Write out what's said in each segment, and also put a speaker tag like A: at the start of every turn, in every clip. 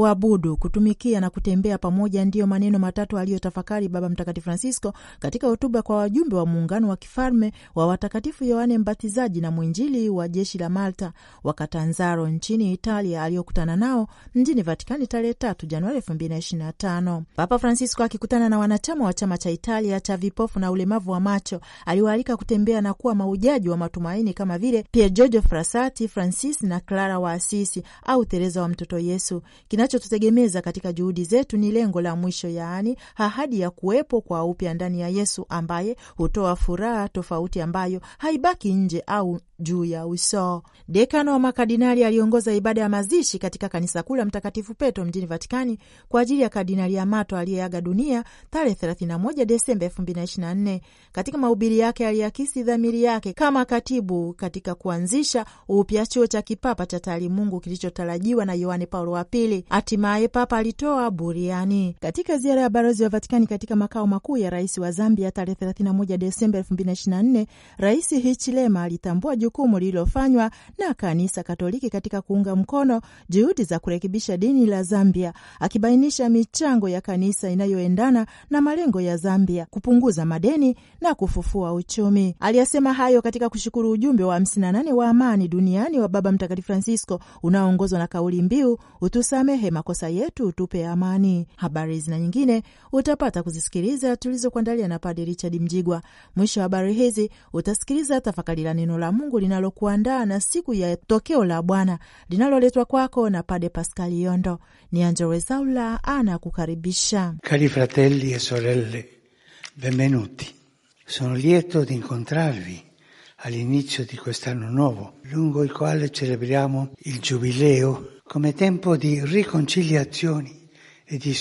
A: kuabudu, kutumikia na kutembea pamoja, ndiyo maneno matatu aliyotafakari Baba Mtakatifu Francisco katika hotuba kwa wajumbe wa muungano wa kifalme wa watakatifu Yohane Mbatizaji na mwinjili wa jeshi la Malta wa Katanzaro nchini Italia aliyokutana nao mjini Vatikani tarehe 3 Januari 2025. Papa Francisco akikutana na wanachama wa chama cha Italia cha vipofu na ulemavu wa macho aliwaalika kutembea na kuwa maujaji wa matumaini kama vile Pier Giorgio Frassati, Francis na Clara wa Asisi au Tereza wa mtoto Yesu kina tunachotutegemeza katika juhudi zetu ni lengo la mwisho, yaani ahadi ya kuwepo kwa upya ndani ya Yesu ambaye hutoa furaha tofauti ambayo haibaki nje au juu ya uso. Dekano wa makardinali aliongoza ibada ya mazishi katika kanisa kuu la Mtakatifu Petro mjini Vatikani kwa ajili ya Kardinali Amato aliyeaga dunia tarehe 31 Desemba 2024. Katika mahubiri yake aliakisi dhamiri yake kama katibu katika kuanzisha upya chuo cha kipapa cha taalimungu kilichotarajiwa na Yohane Paulo wa Pili Hatimaye Papa alitoa buriani katika ziara ya balozi wa Vatikani katika makao makuu ya rais wa Zambia tarehe 31 Desemba 2024. Rais Hichilema alitambua jukumu lililofanywa na Kanisa Katoliki katika kuunga mkono juhudi za kurekebisha dini la Zambia, akibainisha michango ya kanisa inayoendana na malengo ya Zambia, kupunguza madeni na kufufua uchumi. Aliyasema hayo katika kushukuru ujumbe wa 58 wa amani duniani wa Baba Mtakatifu Francisco unaoongozwa na kauli mbiu utusamehe tusamehe makosa yetu, tupe amani. Habari hizi na nyingine utapata kuzisikiliza tulizokuandalia na Padre Richard Mjigwa. Mwisho wa habari hizi utasikiliza tafakari la neno la Mungu linalokuandaa na siku ya tokeo la Bwana linaloletwa kwako na Padre Paskali Yondo. Ni Angelo Rezaula anakukaribisha.
B: Cari fratelli e sorelle, benvenuti. Sono lieto di incontrarvi all'inizio di quest'anno nuovo, lungo il quale celebriamo il giubileo come tempo di riconciliazioni. E di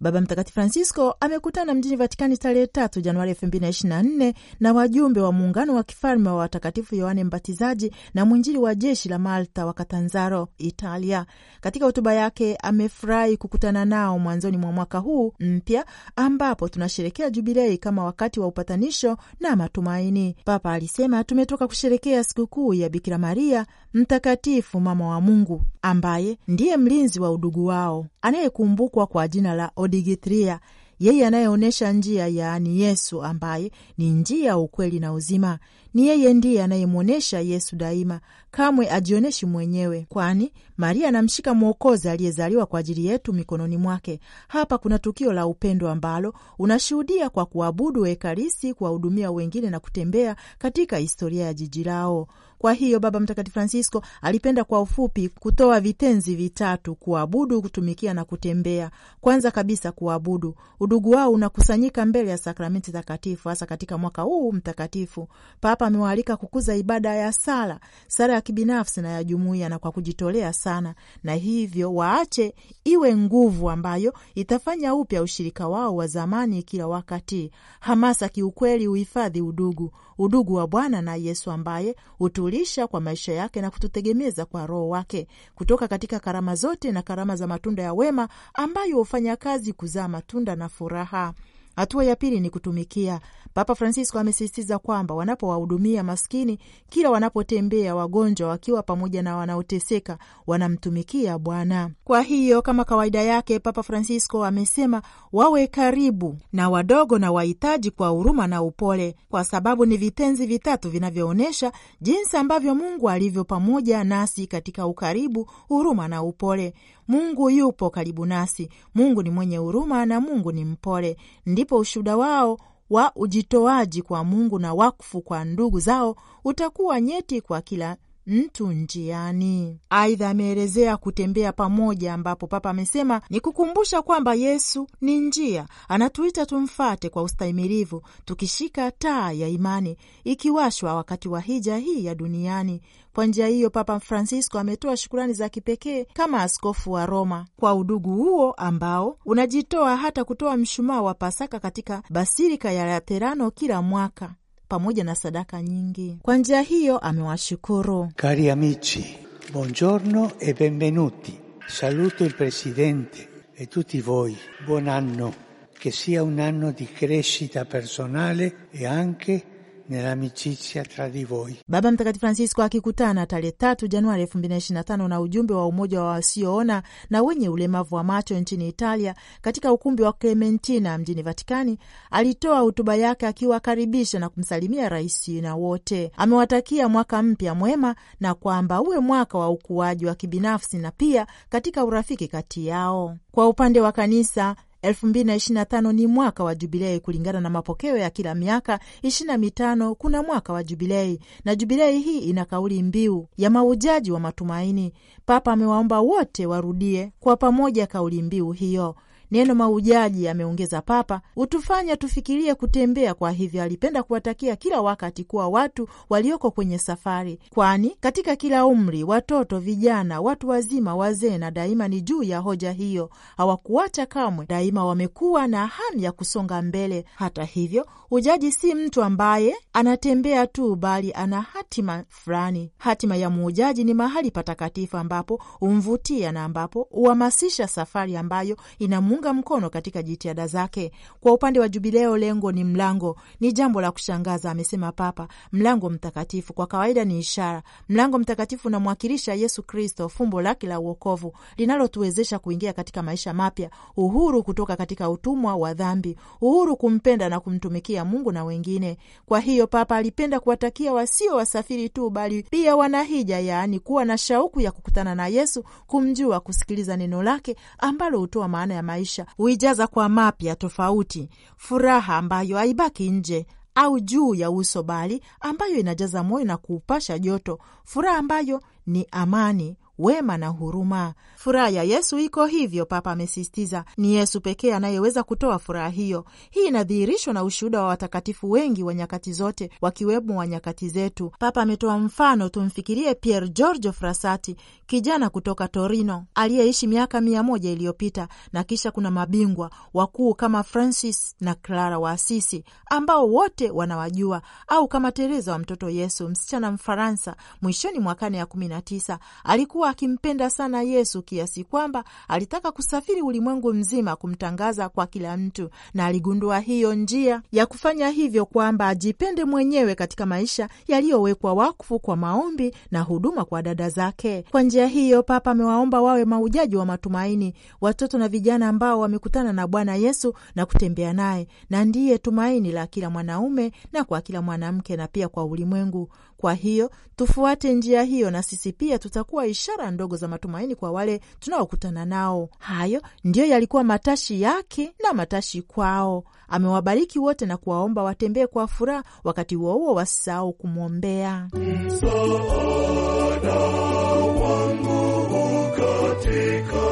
A: Baba Mtakatifu Francisco amekutana mjini Vatikani tarehe tatu Januari elfu mbili na na nne na wajumbe wa muungano wa kifalme wa watakatifu Yohane Mbatizaji na mwinjili wa jeshi la Malta wa Katanzaro, Italia. Katika hotuba yake amefurahi kukutana nao mwanzoni mwa mwaka huu mpya ambapo tunasherekea Jubilei kama wakati wa upatanisho na matumaini. Papa alisema tumetoka kusherekea sikukuu ya Bikira Maria mtakatifu, mama wa Mungu, ambaye ndiye mlinzi wa udugu wao anayekumbukwa kwa jina la Odigitria, yeye anayeonyesha njia, yaani Yesu ambaye ni njia, ukweli na uzima. Ni yeye ndiye anayemwonyesha Yesu daima, kamwe ajionyeshi mwenyewe, kwani Maria anamshika Mwokozi aliyezaliwa kwa ajili yetu mikononi mwake. Hapa kuna tukio la upendo ambalo unashuhudia kwa kuabudu Ekaristi, kuwahudumia wengine na kutembea katika historia ya jiji lao. Kwa hiyo Baba Mtakatifu Francisco alipenda kwa ufupi kutoa vitenzi vitatu: kuabudu, kutumikia na kutembea. Kwanza kabisa kuabudu. Udugu wao unakusanyika mbele ya sakramenti takatifu, hasa katika mwaka huu mtakatifu. Papa amewaalika kukuza ibada ya sala, sala ya kibinafsi na ya jumuiya, na kwa kujitolea sana, na hivyo waache iwe nguvu ambayo itafanya upya ushirika wao wa zamani kila wakati. Hamasa kiukweli huhifadhi udugu, udugu wa Bwana na Yesu ambaye utu kutujulisha kwa maisha yake na kututegemeza kwa Roho wake kutoka katika karama zote na karama za matunda ya wema ambayo hufanya kazi kuzaa matunda na furaha. Hatua ya pili ni kutumikia. Papa Francisco amesisitiza kwamba wanapowahudumia maskini, kila wanapotembea, wagonjwa wakiwa pamoja na wanaoteseka, wanamtumikia Bwana. Kwa hiyo kama kawaida yake, Papa Francisco amesema wawe karibu na wadogo na wahitaji kwa huruma na upole, kwa sababu ni vitenzi vitatu vinavyoonyesha jinsi ambavyo Mungu alivyo pamoja nasi katika ukaribu, huruma na upole. Mungu yupo karibu nasi, Mungu ni mwenye huruma na Mungu ni mpole. Ndipo ushuhuda wao wa ujitoaji kwa Mungu na wakfu kwa ndugu zao utakuwa nyeti kwa kila mtu njiani. Aidha, ameelezea kutembea pamoja, ambapo Papa amesema ni kukumbusha kwamba Yesu ni njia, anatuita tumfate kwa ustahimilivu, tukishika taa ya imani ikiwashwa wakati wa hija hii ya duniani kwa njia hiyo, Papa Francisco ametoa shukurani za kipekee kama askofu wa Roma kwa udugu huo ambao unajitoa hata kutoa mshumaa wa Pasaka katika basilika ya Laterano kila mwaka pamoja na sadaka nyingi. Kwa njia hiyo amewashukuru. kari amici, buongiorno
B: e benvenuti. Saluto il presidente e tutti voi. Buon anno. Che sia un anno di crescita personale e anche nell'amicizia tra di voi.
A: Baba Mtakatifu Francisco akikutana tarehe tatu Januari elfu mbili na ishirini na tano na ujumbe wa umoja wa wasioona na wenye ulemavu wa macho nchini Italia katika ukumbi wa Clementina mjini Vatikani alitoa hotuba yake akiwakaribisha na kumsalimia rais na wote. Amewatakia mwaka mpya mwema na kwamba uwe mwaka wa ukuaji wa kibinafsi na pia katika urafiki kati yao. Kwa upande wa kanisa 2025 ni mwaka wa jubilei kulingana na mapokeo ya kila miaka 25 na mitano kuna mwaka wa jubilei, na jubilei hii ina kauli mbiu ya maujaji wa matumaini. Papa amewaomba wote warudie kwa pamoja kauli mbiu hiyo. Neno maujaji, ameongeza Papa, hutufanya tufikirie kutembea. Kwa hivyo alipenda kuwatakia kila wakati kuwa watu walioko kwenye safari, kwani katika kila umri, watoto, vijana, watu wazima, wazee na daima ni juu ya hoja hiyo. Hawakuacha kamwe, daima wamekuwa na hamu ya kusonga mbele. Hata hivyo, ujaji si mtu ambaye anatembea tu, bali ana hatima fulani. Hatima ya muujaji ni mahali patakatifu ambapo humvutia na ambapo huhamasisha safari ambayo ina kumuunga mkono katika jitihada zake. Kwa upande wa Jubileo, lengo ni mlango. Ni jambo la kushangaza, amesema Papa. Mlango mtakatifu kwa kawaida ni ishara. Mlango mtakatifu unamwakilisha Yesu Kristo, fumbo lake la uokovu linalotuwezesha kuingia katika maisha mapya, uhuru kutoka katika utumwa wa dhambi, uhuru kumpenda na kumtumikia Mungu na wengine. Kwa hiyo Papa alipenda kuwatakia wasio wasafiri tu, bali pia wanahija, yaani kuwa na shauku ya kukutana na Yesu, kumjua, kusikiliza neno lake ambalo hutoa maana ya maisha maisha huijaza kwa mapya tofauti, furaha ambayo haibaki nje au juu ya uso, bali ambayo inajaza moyo na kuupasha joto, furaha ambayo ni amani wema na huruma. Furaha ya Yesu iko hivyo, Papa amesisitiza, ni Yesu pekee anayeweza kutoa furaha hiyo. Hii inadhihirishwa na ushuhuda wa watakatifu wengi wa nyakati zote, wakiwemo wa nyakati zetu. Papa ametoa mfano, tumfikirie Pier Giorgio Frassati, kijana kutoka Torino aliyeishi miaka mia moja iliyopita, na kisha kuna mabingwa wakuu kama Francis na Clara wa Asisi ambao wote wanawajua, au kama Tereza wa mtoto Yesu, msichana Mfaransa mwishoni mwa karne ya kumi na tisa alikuwa alikuwa akimpenda sana Yesu kiasi kwamba alitaka kusafiri ulimwengu mzima kumtangaza kwa kila mtu, na aligundua hiyo njia ya kufanya hivyo kwamba ajipende mwenyewe katika maisha yaliyowekwa wakfu kwa maombi na huduma kwa dada zake. Kwa njia hiyo, Papa amewaomba wawe maujaji wa matumaini, watoto na vijana ambao wamekutana na Bwana Yesu na kutembea naye, na ndiye tumaini la kila mwanaume na kwa kila mwanamke na pia kwa ulimwengu. Kwa hiyo tufuate njia hiyo, na sisi pia tutakuwa ishara ishara ndogo za matumaini kwa wale tunaokutana nao. Hayo ndiyo yalikuwa matashi yake na matashi kwao. Amewabariki wote na kuwaomba watembee kwa furaha, wakati huo huo wasisahau kumwombea
C: msaada wangu katika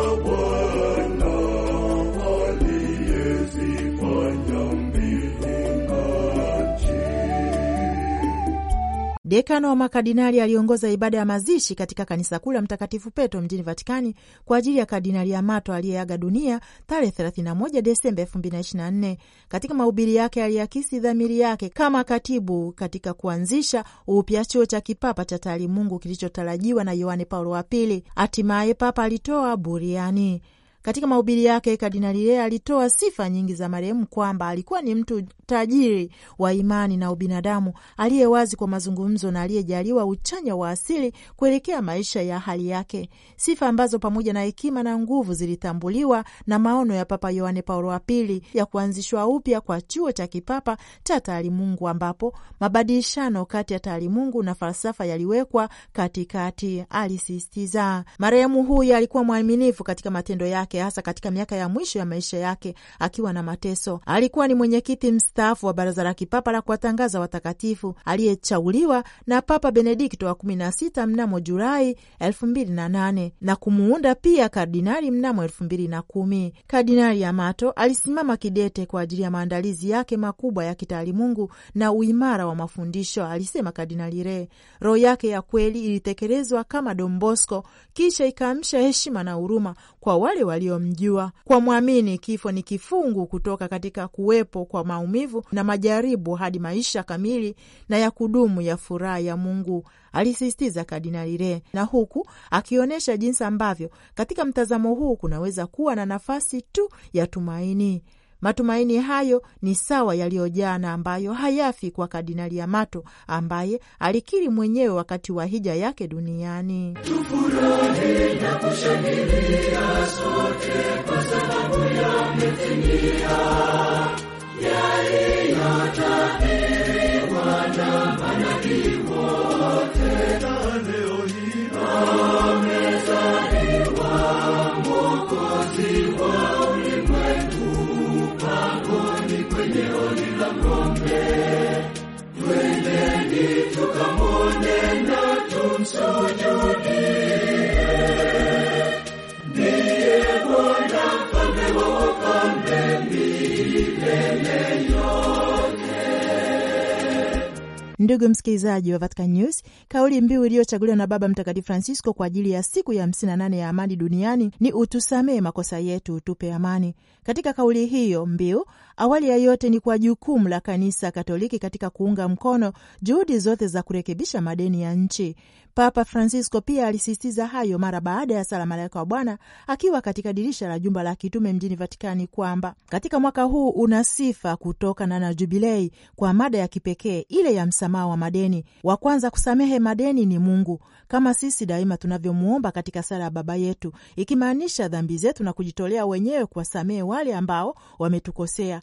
A: Dekano wa makardinali aliongoza ibada ya mazishi katika kanisa kuu la Mtakatifu Petro mjini Vatikani kwa ajili ya Kardinali Amato aliyeaga dunia tarehe 31 Desemba 2024. Katika mahubiri yake aliakisi dhamiri yake kama katibu katika kuanzisha upya chuo cha kipapa cha taalimungu kilichotarajiwa na Yohane Paulo wa Pili. Hatimaye papa alitoa buriani katika mahubiri yake, Kardinali Rea alitoa sifa nyingi za marehemu kwamba alikuwa ni mtu tajiri wa imani na ubinadamu aliye wazi kwa mazungumzo na aliyejaliwa uchanya wa asili kuelekea maisha ya hali yake, sifa ambazo pamoja na hekima na nguvu zilitambuliwa na maono ya Papa Yohane Paulo wa Pili ya kuanzishwa upya kwa chuo cha kipapa cha taalimungu, ambapo mabadilishano kati ya taalimungu na falsafa yaliwekwa katikati, alisisitiza. Marehemu huyu alikuwa mwaminifu katika matendo yake yake, hasa katika miaka ya mwisho ya maisha yake akiwa na mateso. Alikuwa ni mwenyekiti mstaafu wa Baraza la Kipapa la Kuwatangaza Watakatifu aliyechauliwa na Papa Benedikto wa kumi na sita mnamo Julai elfu mbili na nane na kumuunda pia kardinali mnamo elfu mbili na kumi. Kardinali Amato alisimama kidete kwa ajili ya maandalizi yake makubwa ya kitaalimungu na uimara wa mafundisho, alisema Kardinali Re. Roho yake ya kweli ilitekelezwa kama Don Bosco, kisha ikaamsha heshima na huruma kwa wale walio waliomjua. Kwa mwamini, kifo ni kifungu kutoka katika kuwepo kwa maumivu na majaribu hadi maisha kamili na ya kudumu ya furaha ya Mungu, alisisitiza Kardinali Re, na huku akionyesha jinsi ambavyo katika mtazamo huu kunaweza kuwa na nafasi tu ya tumaini Matumaini hayo ni sawa na ambayo hayafi kwa Kardinali Amato ambaye alikiri mwenyewe wakati wa hija yake duniani.
C: Tufurahi na kushangilia sote
A: kwa sababu yametimia yaliyotabiriwa na manabii wote, leo hii amezaliwa
C: Mwokozi wa
A: Ndugu msikilizaji wa Vatican News, kauli mbiu iliyochaguliwa na Baba Mtakatifu Francisco kwa ajili ya siku ya 58 ya amani duniani ni utusamee makosa yetu, utupe amani. Katika kauli hiyo mbiu Awali ya yote ni kwa jukumu la Kanisa Katoliki katika kuunga mkono juhudi zote za kurekebisha madeni ya nchi. Papa Francisco pia alisisitiza hayo mara baada ya sala Malaika wa Bwana akiwa katika dirisha la jumba la kitume mjini Vatikani kwamba katika mwaka huu una sifa kutokana na Jubilei kwa mada ya kipekee ile ya msamaha wa madeni. Wa kwanza kusamehe madeni ni Mungu, kama sisi daima tunavyomwomba katika sala ya Baba Yetu, ikimaanisha dhambi zetu na kujitolea wenyewe kuwasamehe wale ambao wametukosea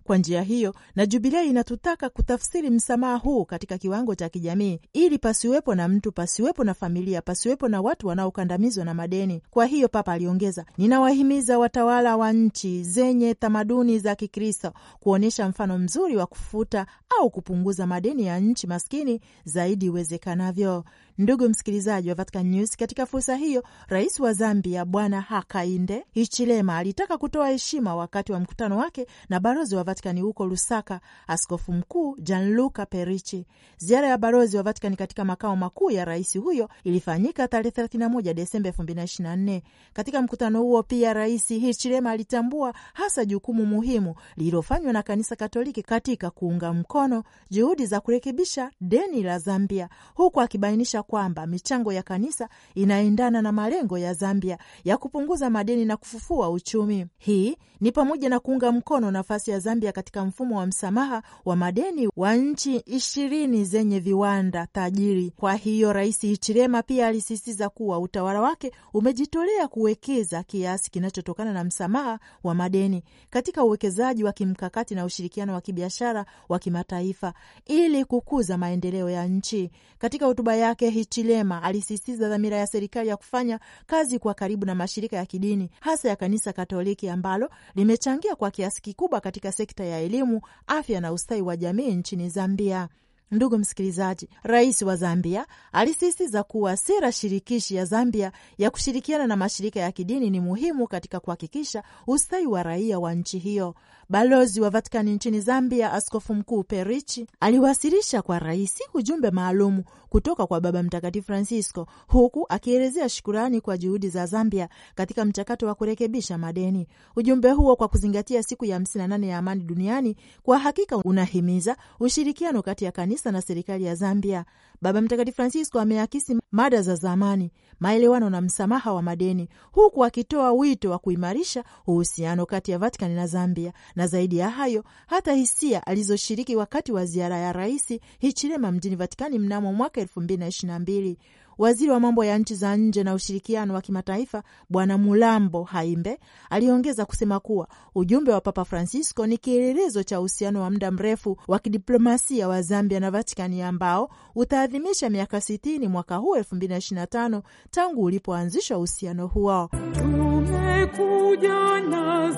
A: Kwa njia hiyo, na Jubilei inatutaka kutafsiri msamaha huu katika kiwango cha kijamii, ili pasiwepo na mtu, pasiwepo na familia, pasiwepo na watu wanaokandamizwa na madeni. Kwa hiyo, Papa aliongeza, ninawahimiza watawala wa nchi zenye tamaduni za Kikristo kuonyesha mfano mzuri wa kufuta au kupunguza madeni ya nchi maskini zaidi iwezekanavyo. Ndugu msikilizaji wa Vatican News, katika fursa hiyo, rais wa Zambia Bwana Hakainde Hichilema alitaka kutoa heshima wakati wa mkutano wake na balozi wa Vatican Vatikani huko Lusaka, askofu mkuu Gianluca Perichi. Ziara ya balozi wa Vatikani katika makao makuu ya rais huyo ilifanyika tarehe 31 Desemba 2024. Katika mkutano huo pia Rais Hichilema alitambua hasa jukumu muhimu lililofanywa na kanisa Katoliki katika kuunga mkono juhudi za kurekebisha deni la Zambia, huku akibainisha kwamba michango ya kanisa inaendana na malengo ya Zambia ya kupunguza madeni na kufufua uchumi. Hii ni pamoja na kuunga mkono nafasi ya Zambia Zambia katika mfumo wa msamaha wa madeni wa nchi ishirini zenye viwanda tajiri. Kwa hiyo Rais Hichilema pia alisisitiza kuwa utawala wake umejitolea kuwekeza kiasi kinachotokana na msamaha wa madeni katika uwekezaji wa kimkakati na ushirikiano wa kibiashara wa kimataifa ili kukuza maendeleo ya nchi. Katika hotuba yake, Hichilema alisisitiza dhamira ya serikali ya kufanya kazi kwa karibu na mashirika ya kidini hasa ya Kanisa Katoliki ambalo limechangia kwa kiasi kikubwa katika sekta sekta ya elimu, afya na ustawi wa jamii nchini Zambia. Ndugu msikilizaji, rais wa Zambia alisisitiza kuwa sera shirikishi ya Zambia ya kushirikiana na mashirika ya kidini ni muhimu katika kuhakikisha ustawi wa raia wa nchi hiyo. Balozi wa Vatikani nchini Zambia, Askofu Mkuu Perichi aliwasilisha kwa rais ujumbe maalumu kutoka kwa Baba Mtakatifu Francisco, huku akielezea shukurani kwa juhudi za Zambia katika mchakato wa kurekebisha madeni. Ujumbe huo kwa kuzingatia siku ya 58 ya amani duniani, kwa hakika unahimiza ushirikiano kati ya kanisa na serikali ya Zambia. Baba Mtakatifu Francisco ameakisi mada za zamani, maelewano na msamaha wa madeni, huku akitoa wito wa kuimarisha uhusiano kati ya Vatikani na Zambia, na zaidi ya hayo hata hisia alizoshiriki wakati wa ziara ya Rais Hichilema mjini Vatikani mnamo mwaka elfu mbili na ishirini na mbili Waziri wa mambo ya nchi za nje na ushirikiano wa kimataifa Bwana Mulambo Haimbe aliongeza kusema kuwa ujumbe wa Papa Francisco ni kielelezo cha uhusiano wa muda mrefu wa kidiplomasia wa Zambia na Vatikani ambao utaadhimisha miaka sitini mwaka huu elfu mbili na ishirini na tano tangu ulipoanzishwa uhusiano huo. Tumekuja na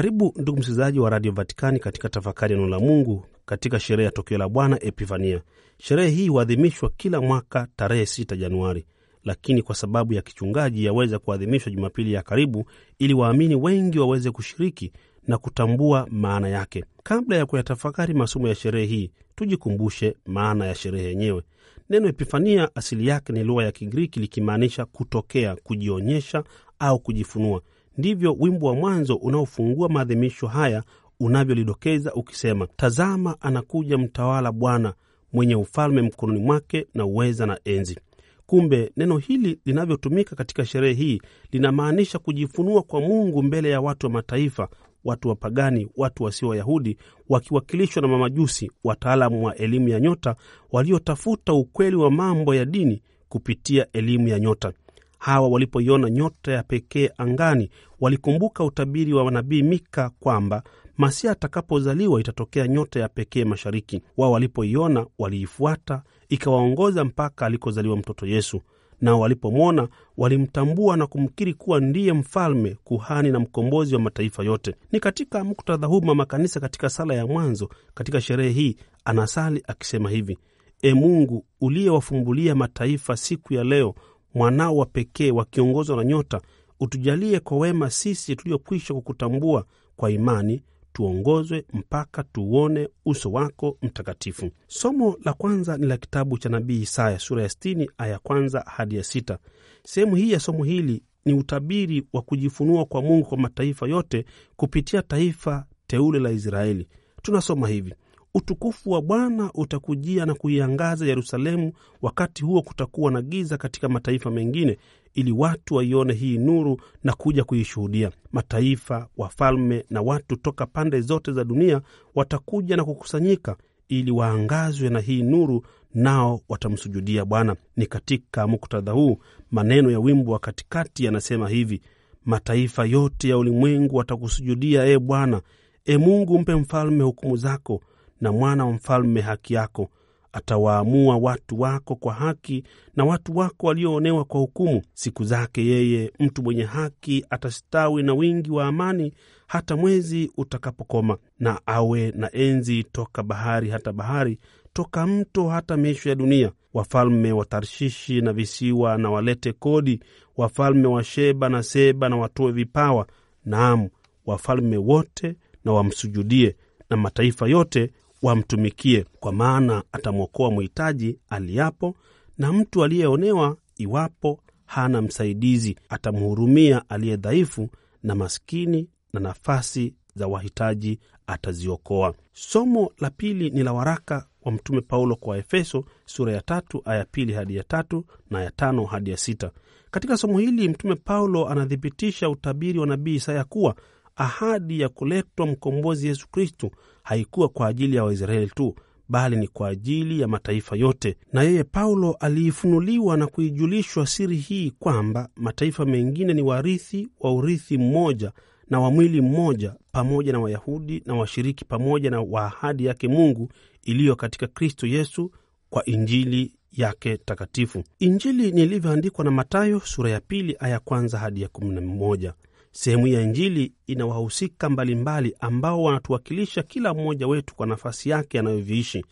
B: Karibu ndugu msikilizaji wa Radio Vatikani katika tafakari ya neno la Mungu katika sherehe ya tokeo la Bwana Epifania. Sherehe hii huadhimishwa kila mwaka tarehe 6 Januari, lakini kwa sababu ya kichungaji yaweza kuadhimishwa Jumapili ya karibu ili waamini wengi waweze kushiriki na kutambua maana yake. Kabla ya kuyatafakari masomo ya sherehe hii, tujikumbushe maana ya sherehe yenyewe. Neno Epifania asili yake ni lugha ya Kigiriki likimaanisha kutokea, kujionyesha au kujifunua. Ndivyo wimbo wa mwanzo unaofungua maadhimisho haya unavyolidokeza ukisema, tazama anakuja mtawala Bwana mwenye ufalme mkononi mwake na uweza na enzi. Kumbe neno hili linavyotumika katika sherehe hii linamaanisha kujifunua kwa Mungu mbele ya watu wa mataifa, watu wapagani, watu wasio Wayahudi, wakiwakilishwa na mamajusi, wataalamu wa elimu ya nyota waliotafuta ukweli wa mambo ya dini kupitia elimu ya nyota. Hawa walipoiona nyota ya pekee angani, walikumbuka utabiri wa nabii Mika kwamba Masia atakapozaliwa itatokea nyota ya pekee mashariki. Wao walipoiona waliifuata, ikawaongoza mpaka alikozaliwa mtoto Yesu. Nao walipomwona walimtambua na kumkiri kuwa ndiye mfalme, kuhani na mkombozi wa mataifa yote. Ni katika muktadha huu mama kanisa katika sala ya mwanzo katika sherehe hii anasali akisema hivi: E Mungu uliyewafumbulia mataifa siku ya leo mwanao wa pekee wakiongozwa na nyota, utujalie kwa wema sisi tuliokwisha kukutambua kwa imani, tuongozwe mpaka tuuone uso wako mtakatifu. Somo la kwanza ni la kitabu cha nabii Isaya sura ya 60 aya kwanza hadi ya sita. Sehemu hii ya somo hili ni utabiri wa kujifunua kwa Mungu kwa mataifa yote kupitia taifa teule la Israeli. Tunasoma hivi: utukufu wa Bwana utakujia na kuiangaza Yerusalemu. Wakati huo kutakuwa na giza katika mataifa mengine, ili watu waione hii nuru na kuja kuishuhudia. Mataifa, wafalme na watu toka pande zote za dunia watakuja na kukusanyika ili waangazwe na hii nuru, nao watamsujudia Bwana. Ni katika muktadha huu maneno ya wimbo wa katikati yanasema hivi: mataifa yote ya ulimwengu watakusujudia, e Bwana. E Mungu, mpe mfalme hukumu zako, na mwana wa mfalme haki yako. Atawaamua watu wako kwa haki na watu wako walioonewa kwa hukumu. Siku zake yeye mtu mwenye haki atastawi na wingi wa amani, hata mwezi utakapokoma, na awe na enzi toka bahari hata bahari, toka mto hata miisho ya dunia. Wafalme wa Tarshishi na visiwa na walete kodi, wafalme wa Sheba na Seba na watoe vipawa, naam, wafalme wote na wamsujudie, na mataifa yote wamtumikie, kwa maana atamwokoa mhitaji aliyapo na mtu aliyeonewa iwapo hana msaidizi, atamhurumia aliye dhaifu na maskini, na nafasi za wahitaji ataziokoa. Somo la pili ni la waraka wa Mtume Paulo kwa Efeso sura ya tatu aya pili hadi ya tatu na ya tano hadi ya sita. Katika somo hili Mtume Paulo anathibitisha utabiri wa nabii Isaya kuwa ahadi ya kuletwa mkombozi Yesu kristu haikuwa kwa ajili ya Waisraeli tu bali ni kwa ajili ya mataifa yote. Na yeye Paulo aliifunuliwa na kuijulishwa siri hii kwamba mataifa mengine ni warithi wa urithi mmoja na wa mwili mmoja, pamoja na Wayahudi na washiriki pamoja na wa ahadi yake Mungu iliyo katika Kristo Yesu kwa Injili yake takatifu. Injili nilivyoandikwa na Matayo sura ya pili aya kwanza hadi ya kumi na mmoja. Sehemu ya Injili ina wahusika mbalimbali ambao wanatuwakilisha kila mmoja wetu kwa nafasi yake anayoviishi.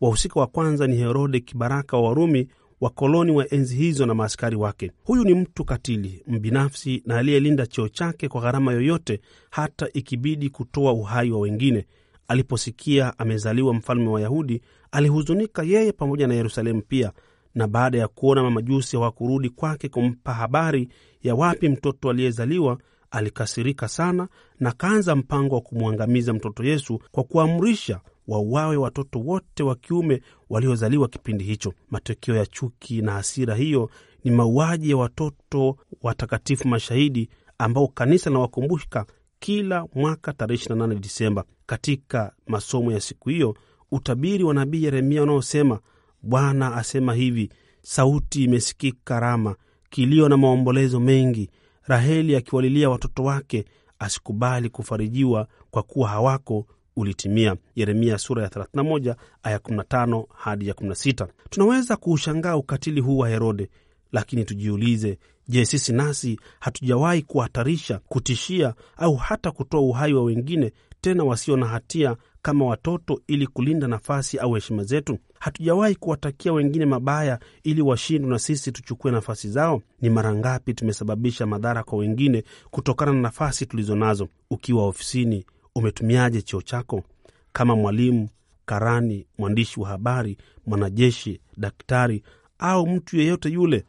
B: Wahusika wa kwanza ni Herode, kibaraka wa Warumi, wakoloni wa enzi hizo na maaskari wake. Huyu ni mtu katili, mbinafsi na aliyelinda cheo chake kwa gharama yoyote, hata ikibidi kutoa uhai wa wengine. Aliposikia amezaliwa mfalme wa Wayahudi, alihuzunika yeye pamoja na Yerusalemu pia. Na baada ya kuona mamajusi hawakurudi kwake kumpa habari ya wapi mtoto aliyezaliwa, alikasirika sana na kaanza mpango wa kumwangamiza mtoto Yesu kwa kuamrisha wauawe watoto wote wa kiume waliozaliwa kipindi hicho. Matokeo ya chuki na hasira hiyo ni mauaji ya watoto watakatifu mashahidi ambao kanisa linawakumbuka kila mwaka tarehe 28 Disemba. Katika masomo ya siku hiyo, utabiri wa nabii Yeremia unaosema Bwana asema hivi, sauti imesikika Rama, kilio na maombolezo mengi, Raheli akiwalilia watoto wake asikubali kufarijiwa kwa kuwa hawako ulitimia. Yeremia sura ya 31 aya 15 hadi ya 16. Tunaweza kuushangaa ukatili huu wa Herode, lakini tujiulize, je, sisi nasi hatujawahi kuhatarisha, kutishia au hata kutoa uhai wa wengine tena wasio na hatia kama watoto ili kulinda nafasi au heshima zetu? Hatujawahi kuwatakia wengine mabaya ili washindwe na sisi tuchukue nafasi zao? Ni mara ngapi tumesababisha madhara kwa wengine kutokana na nafasi tulizo nazo? Ukiwa ofisini, umetumiaje cheo chako kama mwalimu, karani, mwandishi wa habari, mwanajeshi, daktari au mtu yeyote yule?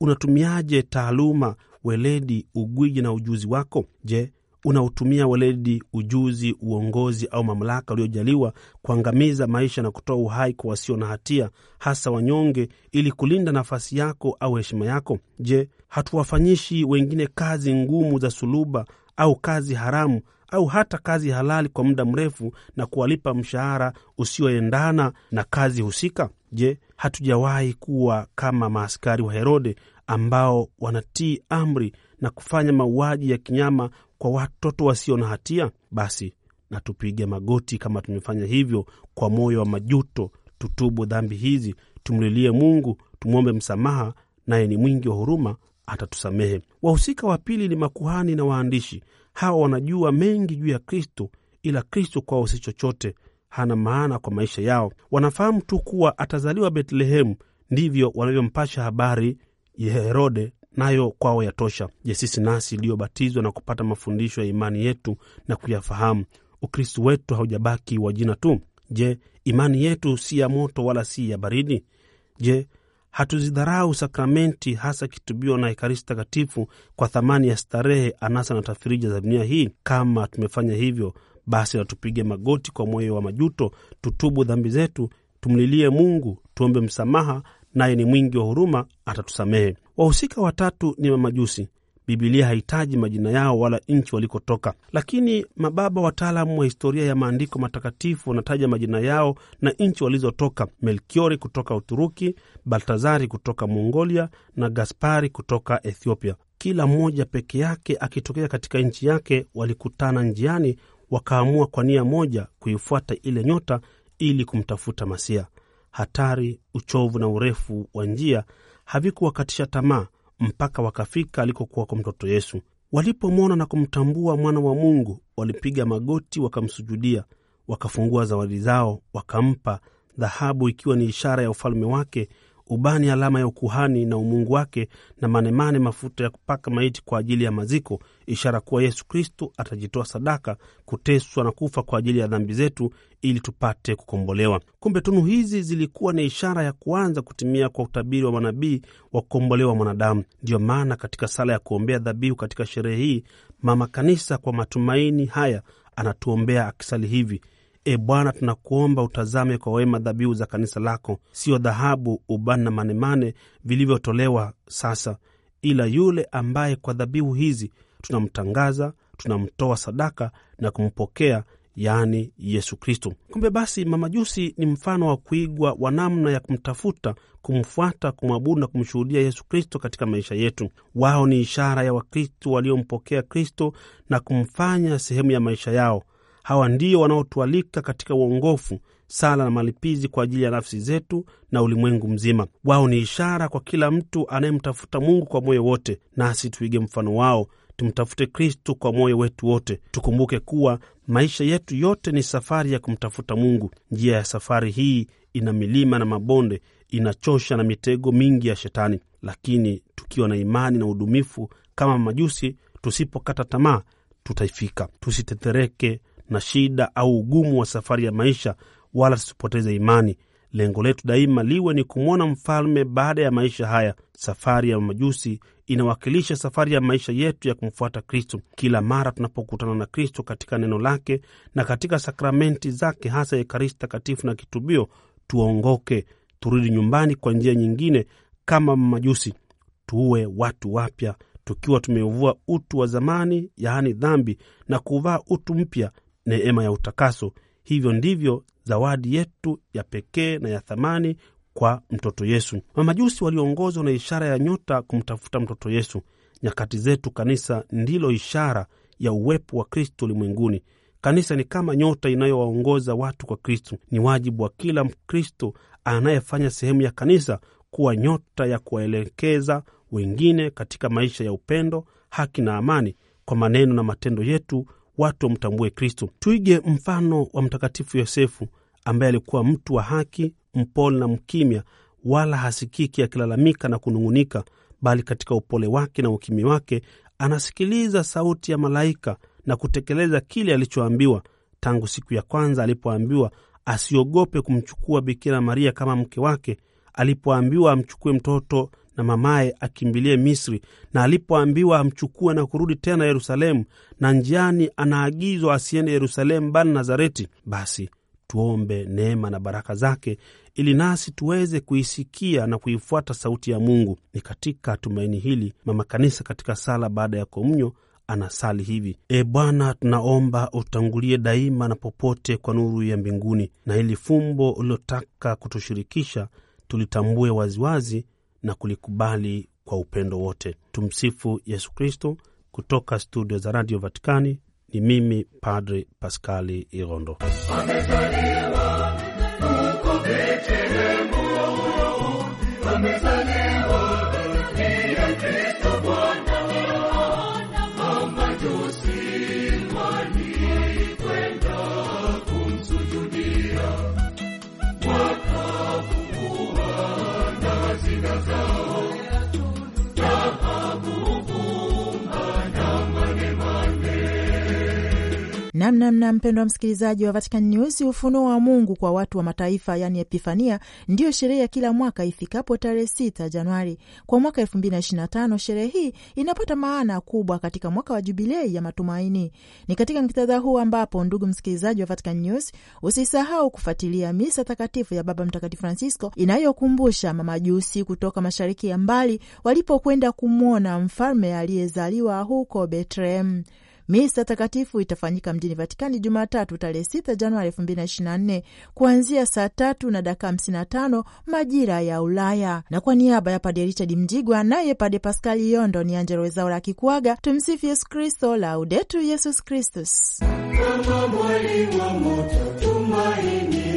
B: Unatumiaje taaluma, weledi, ugwiji na ujuzi wako? Je, unaotumia weledi, ujuzi, uongozi au mamlaka uliojaliwa kuangamiza maisha na kutoa uhai kwa wasio na hatia, hasa wanyonge, ili kulinda nafasi yako au heshima yako? Je, hatuwafanyishi wengine kazi ngumu za suluba au kazi haramu au hata kazi halali kwa muda mrefu na kuwalipa mshahara usioendana na kazi husika? Je, hatujawahi kuwa kama maaskari wa Herode ambao wanatii amri na kufanya mauaji ya kinyama kwa watoto wasio na hatia, basi na tupige magoti kama tumefanya hivyo kwa moyo wa majuto, tutubu dhambi hizi, tumlilie Mungu, tumwombe msamaha, naye ni mwingi wa huruma, atatusamehe. Wahusika wa pili ni makuhani na waandishi. Hawa wanajua mengi juu ya Kristo, ila Kristo kwao si chochote, hana maana kwa maisha yao. Wanafahamu tu kuwa atazaliwa Betlehemu, ndivyo wanavyompasha habari ya Herode nayo kwao yatosha. Je, sisi nasi iliyobatizwa na kupata mafundisho ya imani yetu na kuyafahamu, Ukristo wetu haujabaki wa jina tu? Je, imani yetu si ya moto wala si ya baridi? Je, hatuzidharau sakramenti, hasa kitubio na Ekaristi Takatifu kwa thamani ya starehe, anasa na tafirija za dunia hii? Kama tumefanya hivyo, basi natupige magoti kwa moyo wa majuto, tutubu dhambi zetu, tumlilie Mungu, tuombe msamaha naye ni mwingi wa huruma, atatusamehe. Wahusika watatu ni mamajusi. Bibilia hahitaji majina yao wala nchi walikotoka, lakini mababa wataalamu wa historia ya maandiko matakatifu wanataja majina yao na nchi walizotoka: Melkiori kutoka Uturuki, Baltazari kutoka Mongolia na Gaspari kutoka Ethiopia. Kila mmoja peke yake akitokea katika nchi yake, walikutana njiani, wakaamua kwa nia moja kuifuata ile nyota ili kumtafuta Masia hatari, uchovu na urefu wa njia havikuwakatisha tamaa mpaka wakafika alikokuwa kwa mtoto Yesu. Walipomwona na kumtambua mwana wa Mungu, walipiga magoti wakamsujudia, wakafungua zawadi zao, wakampa dhahabu ikiwa ni ishara ya ufalme wake ubani alama ya ukuhani na umungu wake, na manemane mafuta ya kupaka maiti kwa ajili ya maziko, ishara kuwa Yesu Kristu atajitoa sadaka, kuteswa na kufa kwa ajili ya dhambi zetu ili tupate kukombolewa. Kumbe tunu hizi zilikuwa ni ishara ya kuanza kutimia kwa utabiri wa manabii wa kukombolewa mwanadamu. Ndiyo maana katika sala ya kuombea dhabihu katika sherehe hii, mama kanisa kwa matumaini haya anatuombea akisali hivi: E Bwana, tunakuomba utazame kwa wema dhabihu za kanisa lako, sio dhahabu, ubani na manemane vilivyotolewa sasa, ila yule ambaye kwa dhabihu hizi tunamtangaza, tunamtoa sadaka na kumpokea, yaani Yesu Kristo. Kumbe basi, mamajusi ni mfano wa kuigwa wa namna ya kumtafuta, kumfuata, kumwabudu na kumshuhudia Yesu Kristo katika maisha yetu. Wao ni ishara ya Wakristo waliompokea Kristo na kumfanya sehemu ya maisha yao. Hawa ndio wanaotualika katika uongofu, sala na malipizi kwa ajili ya nafsi zetu na ulimwengu mzima. Wao ni ishara kwa kila mtu anayemtafuta Mungu kwa moyo wote, nasi tuige mfano wao, tumtafute Kristu kwa moyo wetu wote. Tukumbuke kuwa maisha yetu yote ni safari ya kumtafuta Mungu. Njia ya safari hii ina milima na mabonde, inachosha na mitego mingi ya Shetani, lakini tukiwa na imani na udumifu kama Majusi, tusipokata tamaa tutaifika. Tusitetereke na shida au ugumu wa safari ya maisha, wala tusipoteze imani. Lengo letu daima liwe ni kumwona mfalme baada ya maisha haya. Safari ya Majusi inawakilisha safari ya maisha yetu ya kumfuata Kristo. Kila mara tunapokutana na Kristo katika neno lake na katika sakramenti zake, hasa Ekaristi Takatifu na kitubio, tuongoke, turudi nyumbani kwa njia nyingine kama Majusi, tuwe watu wapya, tukiwa tumeuvua utu wa zamani, yaani dhambi, na kuvaa utu mpya neema ya utakaso. Hivyo ndivyo zawadi yetu ya pekee na ya thamani kwa mtoto Yesu. Mamajusi waliongozwa na ishara ya nyota kumtafuta mtoto Yesu. Nyakati zetu, kanisa ndilo ishara ya uwepo wa Kristo ulimwenguni. Kanisa ni kama nyota inayowaongoza watu kwa Kristo. Ni wajibu wa kila Mkristo anayefanya sehemu ya kanisa kuwa nyota ya kuwaelekeza wengine katika maisha ya upendo, haki na amani, kwa maneno na matendo yetu watu wamtambue Kristo. Tuige mfano wa Mtakatifu Yosefu ambaye alikuwa mtu wa haki, mpole na mkimya, wala hasikiki akilalamika na kunung'unika, bali katika upole wake na ukimi wake anasikiliza sauti ya malaika na kutekeleza kile alichoambiwa. Tangu siku ya kwanza alipoambiwa asiogope kumchukua Bikira Maria kama mke wake, alipoambiwa amchukue mtoto na mamaye akimbilie Misri, na alipoambiwa amchukue na kurudi tena Yerusalemu, na njiani anaagizwa asiende Yerusalemu bali Nazareti, basi tuombe neema na baraka zake ili nasi tuweze kuisikia na kuifuata sauti ya Mungu. Ni katika tumaini hili mama kanisa katika sala baada ya komunyo anasali hivi: E Bwana, tunaomba utangulie daima na popote kwa nuru ya mbinguni, na ili fumbo ulilotaka kutushirikisha tulitambue waziwazi na kulikubali kwa upendo wote. Tumsifu Yesu Kristo. Kutoka studio za Radio Vatikani ni mimi Padre Paskali Irondo.
C: Amezaliwa huko amezaliwa
A: namnamna. Mpendwa msikilizaji wa Vatican News, ufunuo wa Mungu kwa watu wa mataifa, yaani Epifania, ndiyo sherehe ya kila mwaka ifikapo tarehe 6 Januari. Kwa mwaka 2025 sherehe hii inapata maana kubwa katika mwaka wa jubilei ya matumaini. Ni katika mktadha huu ambapo, ndugu msikilizaji wa Vatican News, usisahau kufuatilia misa takatifu ya Baba Mtakatifu Francisco inayokumbusha mamajusi kutoka mashariki ya mbali walipokwenda kumwona mfalme aliyezaliwa huko Betlehem. Misa takatifu itafanyika mjini Vatikani Jumatatu tarehe 6 Januari 2024 kuanzia saa tatu na dakika 55 majira ya Ulaya. Na kwa niaba ya Pade Richard Mjigwa naye Pade Paskali Yondo ni Angelo la akikuaga. Tumsifu Yesu Kristo, laudetu Yesus Kristus.
C: Kama mwali wa moto tumaini